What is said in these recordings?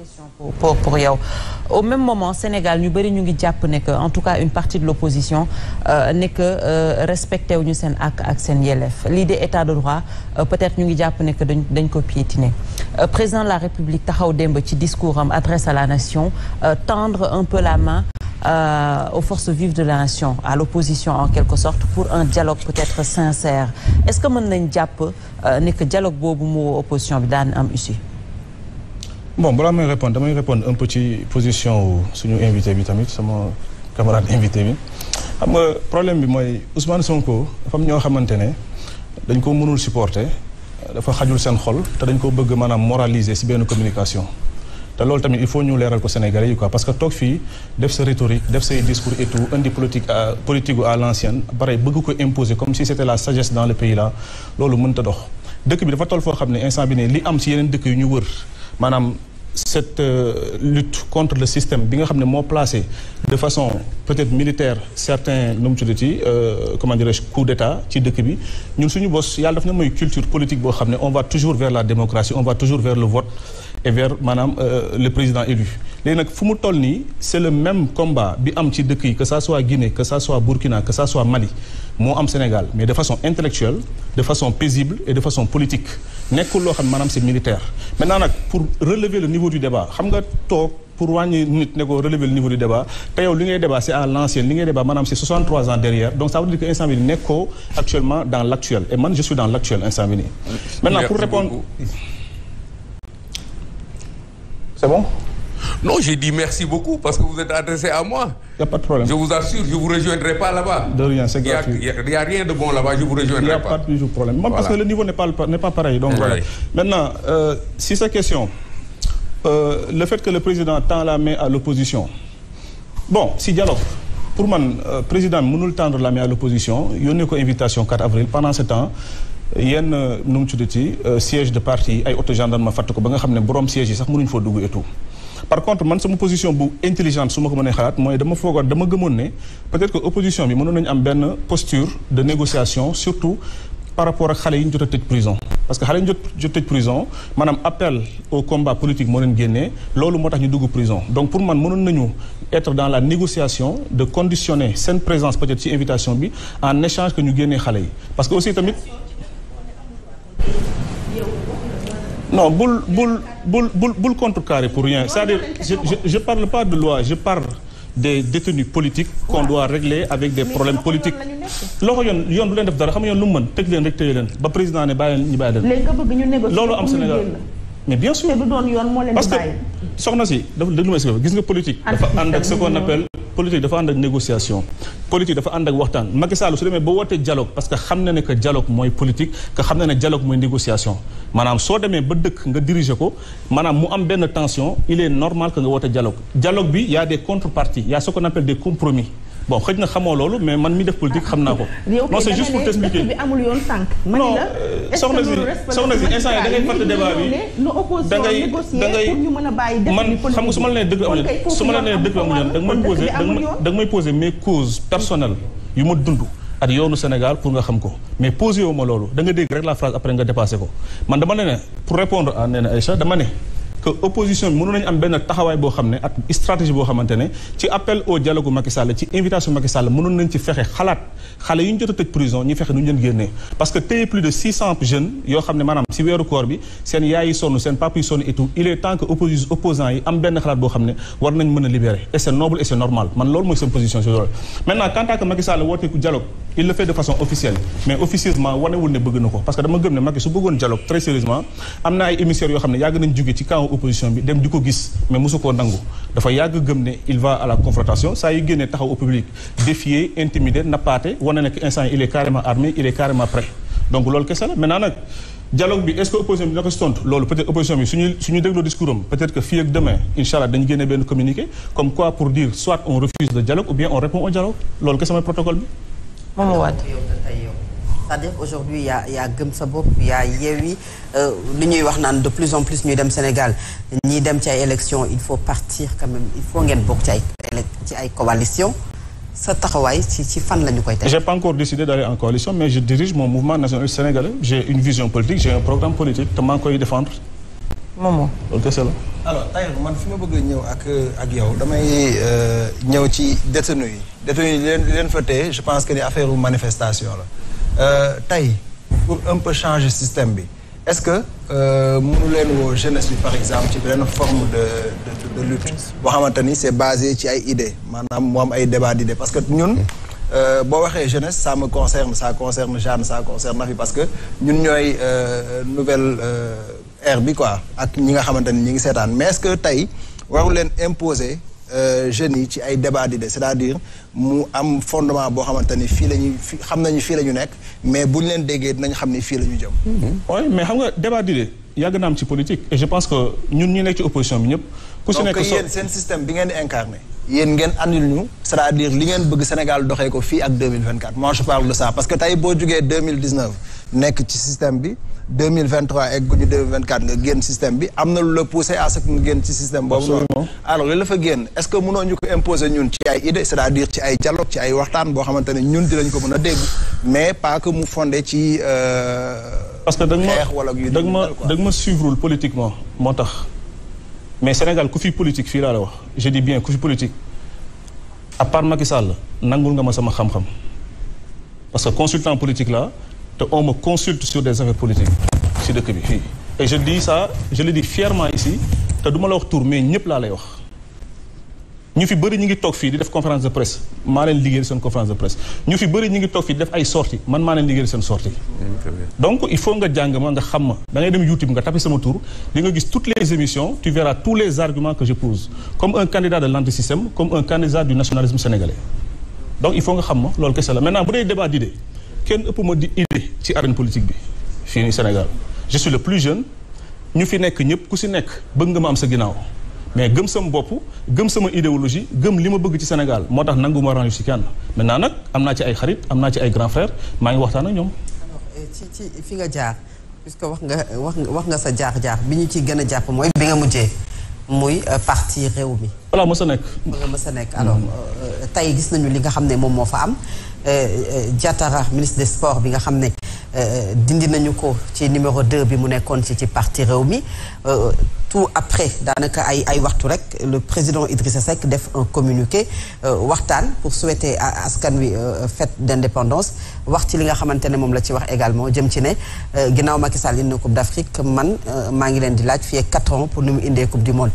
question pour, pour, au même moment Sénégal nous avons que en tout cas une partie de l'opposition euh, respecte que euh, de état de droit euh, peut-être nous ngi que dañ une ko euh, président de la République taxaw Dembe, ci discours adresse à la nation euh, tendre un peu la main aux forces vives de la nation à l'opposition en quelque sorte pour un dialogue peut-être sincère est-ce que mon n'est que dialogue boobu l'opposition opposition bon balaa may répondre damay répondre un petit ci position suñu invité bi tamit sama camarade invité bi xam nga problème bi mooy Ousmane Sonko dafa am ñoo xamante ne dañ ko mënul supporter dafa xajul seen xol te dañ ko bëgg maanaam moraliser si benn communication te loolu tamit il faut ñu leeral ko Sénégalais yi quoi parce que toog fii def sa rhétorique def say discours et tout indi politique à politique à l'ancienne pare bëgg ko imposer comme si c'était la sagesse dans le pays là loolu mënta dox dëkk bi dafa toll foo xam ne instant bi ne li am si yeneen dëkk yu ñu wër maanaam cette euh, lutte contre le système bi nga placée placé de façon peut-être militaire certains nu le euh, comment dirais-je coup d'état ci sommes bi sommes suñu Il y daf na culture politique on va toujours vers la démocratie on va toujours vers le vote et vers euh, le président élu c'est le même combat que ça soit Guinée que ça soit Burkina que ça soit Mali moi am Sénégal mais de façon intellectuelle de façon paisible et de façon politique xam c'est militaire maintenant pour relever le niveau du débat xam nga pour relever le niveau du débat débat c'est à l'ancienne débat c'est 63 ans derrière donc ça veut dire que instant n'est actuellement dans l'actuel et moi, je suis dans l'actuel instant maintenant pour répondre c'est bon Non, j'ai dit merci beaucoup parce que vous êtes adressé à moi. Il n'y a pas de problème. Je vous assure, je ne vous rejoindrai pas là-bas. De rien, c'est gratuit. Il n'y a, rien de bon là-bas, je ne vous rejoindrai pas. Il n'y a pas, de problème. parce que le niveau n'est pas, pas pareil. Donc, voilà. Maintenant, euh, si cette question, euh, le fait que le président tend la main à l'opposition, bon, si dialogue. Pour moi, le euh, président, nous tendre la main à l'opposition. Il y a une invitation 4 avril. Pendant ce temps, yenn nu mu tuddati euh, siège de parti ay auto gendarme ma ko ba nga xam ne borom siège yi sax mënuñ foo dugg et tout par contre man sama position bu intelligente su ma ko mënee xalaat mooy dama foogoon dama gëmoon ne peut-être que opposition bi mënoon nañ am benn posture de négociation surtout par rapport ak xale yi ñu jot a tëj prison parce que xale yi ñu jot jot tëj prison maanaam appel au combat politique moo leen génnee loolu moo tax ñu dugg prison donc pour man mënoon nañu être dans la négociation de conditionner seen présence peut-être ci invitation bi en échange que ñu génnee xale yi parce que aussi tamit non, boule, boule, boule, pour rien. je ne parle pas de loi, je parle des détenus politiques qu'on doit régler avec des problèmes politiques politique dafa ànd ak négociation politique dafa ànd ak waxtaan Macky Sall su demee ba woote dialogue parce que xam na ne que dialogue mooy politique que xam na ne dialogue mooy négociation maanaam soo demee ba dëkk nga diriger ko maanaam mu am benn tension il est normal que nga woote dialogue dialogue bi y a des contreparties il y a ce qu'on appelle des compromis bon juste pour tester. mais non c'est euh, pour si débat mes causes personnelles yu Sénégal pour mais posez-moi. ma da la phrase après pour répondre à que opposition bi mënu nañu am ben taxaway bo xamné ne ak stratégie bo xamantene ci appel au dialogue Macky Sall ci invitation Macky Sall mënoon nañ ci fexé xalat xalé yu ñu jot a prison ñu fexé nu leen génné parce que tey plus de 600 jeunes yo xamné manam ci wéru koor bi seen yaayi sonu sonn seen papa yi sonn et tout il est temps que opposi opposants yi am ben xalat bo xamné war nañ mëna libérer et c'est noble et c'est normal man lool moy seen position ci lool maintenant quand à que Macky Sall ku dialogue il le fait de façon officielle mais officieusement wul né bëgg nako parce que dama gëm né Macky su bëggone dialogue très sérieusement amna ay émissaires yo xamné yag nañ juggé ci camp opposition bi dem di ko gis mais musuko koo nangu dafa yag gëm ne il va à la confrontation ça y génnee taxaw au public défier intimider nappaate wane nekk instant il est carrément armé il est carrément prêt donc loolu kessa la maintenant nak dialogue bi est-ce que opposition bi restante ko si peut-être opposition bi suñu suñu dégloo discours peut-être que fii demain inchallah allah dañu génne communiqué comme quoi pour dire soit on refuse le dialogue ou bien on répond au dialogue loolu kessa ma protocole bi. Mamadou c'est-à-dire aujourd'hui il y a Gumsabok, il y a Yewi. Euh, L'Union ñuy de plus en plus ñuy dem Sénégal Nous dem ci ay il faut partir quand même il faut ngeen bokk ci ay coalition sa n'ai ci ci fan la Je n'ai pas encore décidé d'aller en coalition mais je dirige mon mouvement national sénégalais j'ai une vision politique j'ai un programme politique te maa défendre. Maman, Ok, c'est la. alors je man fi pas bëgg ñëw ak ak yow je pense que ni affaire manifestation euh, tay pour un peu changer système bi est-ce que euh, mënu leen jeunesse par exemple ci une forme de de de lutte bo xamante c'est basé ci ay idées manam mo am ay débat d'idées parce que ñun hmm. euh, bo waxé jeunesse ça me concerne ça concerne Jeanne ça concerne Nafi parce que ñun euh, nouvelle ère bi quoi ak ñi nga xamante ñi ngi sétane mais est-ce que tay waru len imposer. Euh, jeunes yi ci ay débat d'idées c'est-à-dire mu am fondement boo xamante ni fii la ñuy fi xam nañu mais buñ leen déggee dinañ xam ni fii la ñu jëm. Mm-hmm. mais xam nga débat d'idées yàgg na am ci politique et je pense que ñun ñu nekk ci opposition bi ñëpp. ku si nekk donc yéen seen système bi ngeen di incarné. yéen ngeen andil ñu c'est-à-dire li ngeen bëgg Sénégal doxee ko fii ak 2024 moi je parle de ça parce que tey boo jugee 2019 nekk ci système bi. 2023 et 2024 nga génn système bi am lu poussé à ce que nous génn ci système boobu alors li la fa est-ce que mënoo ñu ko imposer ñun ci ay idée c'est-à-dire ci ay dialogue ci ay waxtaan boo xamante ne ñun dinañ mais pas que mu fondé ci euh, parce que da nga ma da ma politiquement moo mais Sénégal ku fi politique fii laa la wax je dis bien ku fi politique à part Macky Sall nangul nga ma sama xam-xam parce que consultant politique là, on me consulte sur des affaires politiques si de et je dis ça je le dis fièrement ici Tu ne vais la wax tour mais je ne lay wax ñu fi bëri ñu ngi conférence de presse maa leen liggéeyal conférence de presse nous avons beaucoup de ngi toog fii def ay sorties man maa donc il faut que tu ma nga xam ma da ngay dem YouTube nga tapé sama mon tour. Tu gis toutes les émissions tu verras tous les arguments que je pose comme un candidat de l'antisystème comme un candidat du nationalisme sénégalais donc il faut nga xam ma que maintenant, là maintenant bu un débat d'idées kenn ëpp ma di idée ci arène politique bi fii nii Sénégal je suis le plus jeune ñu fi nekk ñëpp ku si nekk bëgg nga ma am sa ginnaaw mais gëm sama bopp gëm sama idéologie gëm li ma bëgg ci Sénégal moo tax nangu ma range si kenn maintenant nag am naa ci ay xarit am na ci ay grand frère maa ngi waxtaan ak ñoom. Euh, ci ci fi nga jaar puisque wax nga wax nga wax nga sa jaar jaar bi ñu ci gën a jàpp mooy bi nga mujjee. muy euh, parti réew mi. voilà mos a nekk. mos a nekk alors euh, tey gis nañu li nga xam ne moom moo fa am. Euh, euh, Diatara ministre des sports bi nga xam euh, dindi nañu ko ci numéro 2 bi mu nekkoon ci ci parti réew tout après daanaka ay ay waxtu rek le président Idrissa Seck def un communiqué waxtaan pour souhaiter à askan wi fête d'indépendance wax ci li nga xamante la ci wax également jëm ci ne ginnaaw Macky Sall indi Coupe d'Afrique man maa ngi quatre di 4 ans pour nous, une Coupe du Monde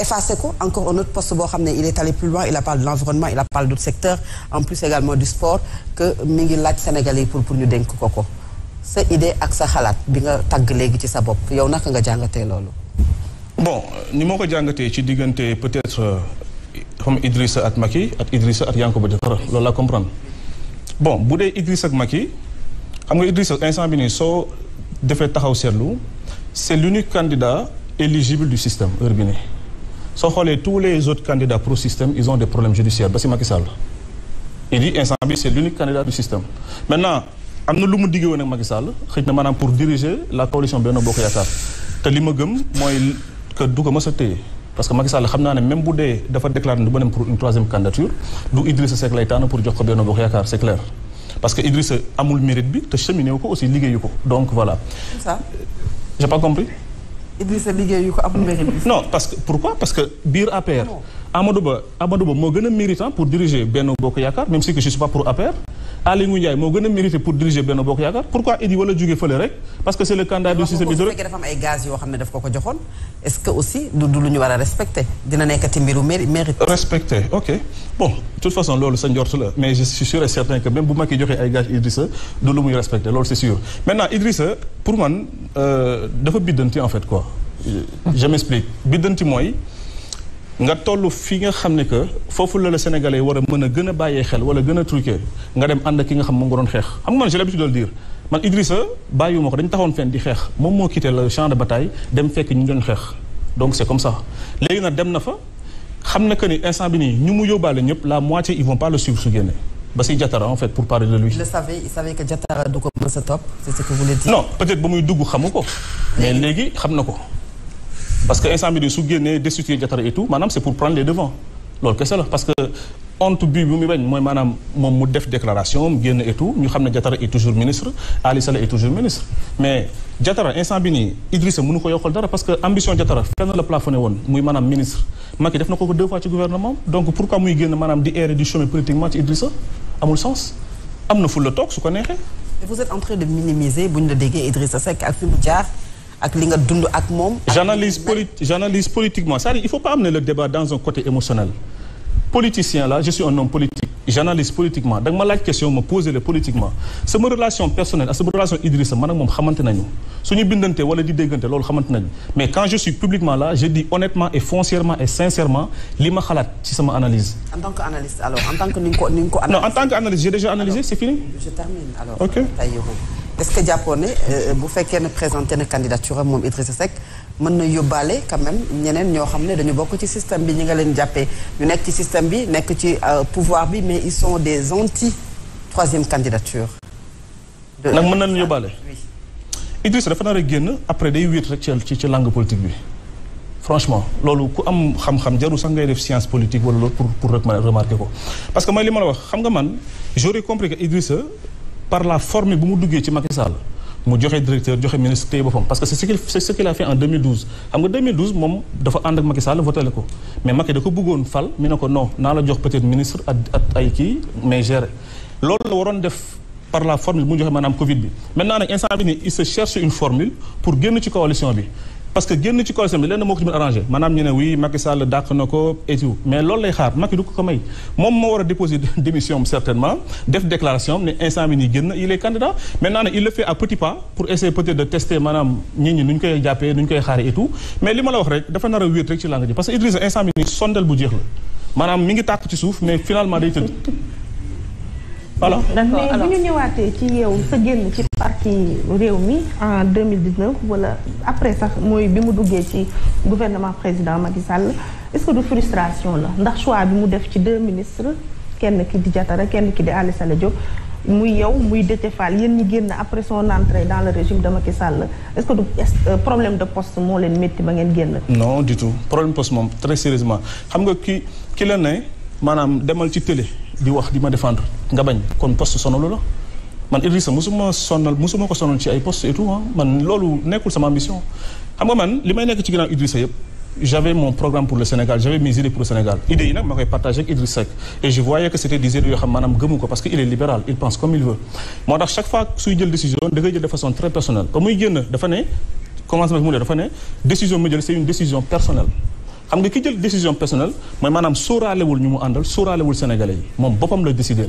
effacé encore un autre poste boo il est allé plus loin il a parlé de l'environnement il a parlé d'autres secteurs en plus également du sport que les Sénégalais pour pour ñu dénk Koko. ko C'est idée ak sa xalaat bi nga tàgg léegi ci sa bop. yow naka nga jàngatee loolu. bon ni moo ko ci peut-être euh, comme Idrissa et Maki, et Idrissa et Yanko Diattara la comprendre bon si Idrissa et Maki, xam Idrissa instant bi nii so, taxaw c'est l'unique candidat éligible du système urbain. Sauf que tous les autres candidats pro système ils ont des problèmes judiciaires Bassi si Macky il dit instant c'est l'unique candidat du système maintenant am na dit que diggee woon ak Macky Sall pour diriger la coalition Benno Bokk Yaakaar te li ma gëm mooy que du ko mës a parce que Macky Sall xam même dafa déclaré du ma dem pour une troisième candidature Nous, Idriss Seck lay pour jox ko Benno Bokk Yaakaar c'est clair parce que Idriss, le mérite bi te cheminé wu ko aussi liggéeyu ko donc voilà. ça j'ai pas compris. Idrissa liggéey yu ko amul mérite non parce que pourquoi parce que biir APR. Ah Amadou Ba Amadou Ba méritant pour diriger Benno Bokk Yakar, même si que je suis pas pour APR Ali Ndiaye moo gën mérité pour diriger Benno Bokk Yakar. pourquoi Idy wala jóge fële rek parce que c'est le candidat du système hydraulique dafa am ay gaz yoo xam daf ko ko est-ce que aussi du du lu ñu war a respecté dina nekkati mérite ok bon de toute façon loolu sa njort mais je suis sûr et certain que même bu qui joxee ay gaz Idrissa du lu muy respecté loolu c'est sûr maintenant Idrissa pour man euh, dafa biddanti en fait quoi je m'explique biddanti mooy nga tollu fi nga xamne que fofu la le sénégalais yi meuna gëna bayé xel wala gëna truqué nga dem and ki nga xam mo nga doon xeex xam nga man j'ai l'habitude de le dire man Idrissa bàyyiwuma ko dañ taxone fenn di xex mom mo quitté le champ de bataille dem fekk ñu doon xex donc c'est comme ça légui nag dem na fa xam que ni instant bi ni ñu mu yobale ñep la moitié ils vont pas le suivre su ba Bassi Diattara en fait pour parler de lui. le savait il savait que Diattara du ko mës a c'est ce que vous voulez dire. non peut-être ba muy dugg xamuko mais légui xamnako parce que instant bi su génnee destituer Diattara et tout Madame, c'est pour prendre les devants loolu que la parce que honte bi bi mu Madame, mon mot moom def déclaration mu et tout ñu xam est toujours ministre Alissa est toujours ministre mais Diattara instant bi nii Idrissa mënu ko yokkal dara parce que ambition Diattara fenn la plafonné woon muy Madame, ministre je def na ko deux fois ci gouvernement donc pourquoi muy génn maanaam di errer du chemin politiquement ci Idrissa amul sens am le ful la toog su ko vous êtes en train de minimiser vous ñu la déggee Idrissa Seck ak fi j'analyse politiquement Il ne faut pas amener le débat dans un côté émotionnel politicien là je suis un homme politique j'analyse politiquement Donc, ma question me poser le politiquement ma relation personnelle c'est ma relation Idrissa man ak sais pas. suñu bindante wala mais quand je suis publiquement là je dis honnêtement et foncièrement et sincèrement les ma c'est ci analyse. en tant qu'analyste alors en tant que non en tant qu'analyste j'ai déjà analysé c'est fini. je termine alors. ok est-ce que jàppoon ne euh, bu présenter ne candidature am Idrissa Seck mën na quand même ñeneen ñoo xam ne dañu bokk ci système bi ñi nga leen jàppee ñu nekk ci système bi nekk ci euh, pouvoir bi mais ils sont des anti troisième candidature. nag mën nañu yóbbaale. Idrissa dafa nar a génn après des huit rek ci ci langue politique bi. franchement lolu ku am xam-xam jaru sax ngay def science politique wala pour pour remarquer ko parce que mooy li ma wax xam nga man j'aurais compris que Idrissa par la forme bu mu duggé ci Macky Sall mu joxé directeur joxé ministre téye boppam parce que c'est ce qu'il c'est ce qu'il a fait en 2012 xam nga 2012 mom dafa and ak Macky Sall voté ko mais Macky da ko bëggone fal mi ko non naa la jox peut-être ministre at ay ki mais gérer lolou la def par la formule mu joxé manam Covid bi maintenant nag instant bi il se cherche une formule pour guen ci coalition bi parce que génn ci coalition bi lenn moo ko ci mën arrangé maanaam ñu ne oui Macky Sall dàq na ko et tout mais loolu lay xaar Macky du ko ko may moom moo war a déposer démission certainement def déclaration am ne instant bi nii génn il est candidat maintenant il le fait à petit pas pour essayer peut-être de tester maanaam ñit ñi nu ñu koy jàppee nu ñu koy xaaree et tout mais li ma la wax rek dafa nar a wéet rek ci làng ji parce que Idrissa instant bi nii sondel bu jeex la maanaam mi ngi tàkk ci suuf mais finalement day tëdd alors mais bu ñu ñëwaatee ci yow sa génn ci parti réew mi en 2019 wala après sax mooy bi mu duggee ci gouvernement président Macky Sall est-ce que du frustration la ndax choix bi mu def ci deux ministres kenn ki di Diatara kenn ki di Aly Saleh Diop muy yow muy Déthié Fall yéen ñi génn après son entrée dans le régime de Macky Sall est-ce que euh, problème de post moo leen métti ba ngeen génn. non du tout problème post moom très sérieusement xam nga ki ki la ne maanaam demal ci télé. di wax di ma défendre nga bañ kon poste sonal la man Idrissa musuma sonal musuma ko sonal ci ay poste et tout hein. man loolu nekkul sama ambition xam nga man li may nekk ci grand Idrissa yëpp j'avais mon programme pour le Sénégal j'avais mes idées pour le Sénégal idées yi nag ma koy partagé ak Idriss Seck et je voyais que c'était des idées yoo xam maanaam gëmu ko parce que il est libéral il pense comme il veut moo tax chaque fois suy jël décision da koy jël de façon très personnelle ba muy génn dafa ne commencement bi mu ne dafa ne décision mu jël c'est une décision personnelle xam nga ki jël décision personnelle mooy maanaam sóoraalewul ñu mu àndal sóoraalewul sénégalais yi moom boppam la décider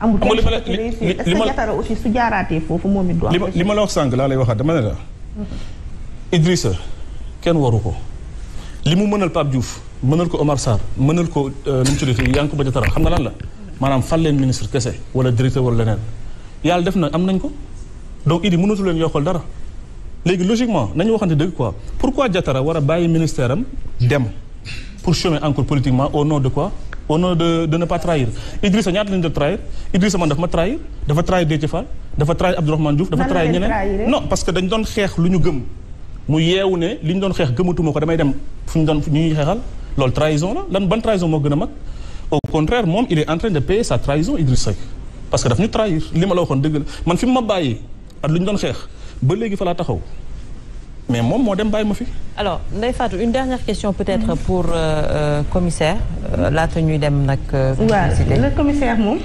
amul kenn aussi su jaaraatee foofu moom it du li ma la wax sànq laa lay waxaat dama ne la. Idrissa kenn waru ko. li mu mënal Pape Diouf mënal ko Omar Sarr mënal ko euh, nu mu tuddati Yankhoba Diattara xam nga lan la maanaam fal leen ministre kese wala directeur wala leneen yàlla def na am nañ ko donc Idi mënatu leen yokkal dara léegi logiquement nañu waxante dëgg quoi pourquoi Diattara war a bàyyi ministère am dem pour chômer encore politiquement au nom de quoi. au nom de de ne pas trahir Idrissa ñaata de doon trahir Idrissa man de ma trahir dafa trahir Déthié Fall dafa trahir Abdourahmane Diouf dafa trahir ñeneen non parce que dañ doon xeex lu ñu gëm mu yeewu ne liñ ñu doon xeex gëmatuma ko damay dem fu ñu doon ñu ñuy xeexal loolu trahison la lan ban trahison moo gën a mag au contraire moom il est en train de payer sa trahison Idrissa Seck parce que daf ñu trahir li ma la waxoon dëgg la man fi ma bàyyi ak luñ ñu doon xeex ba léegi fa laa taxaw mais moi, moi dem bàyyi ma fi. alors Ndeye Fatou une dernière question peut-être pour euh, euh commissaire euh, la tenue dem nag. Euh, oui, le commissaire moi.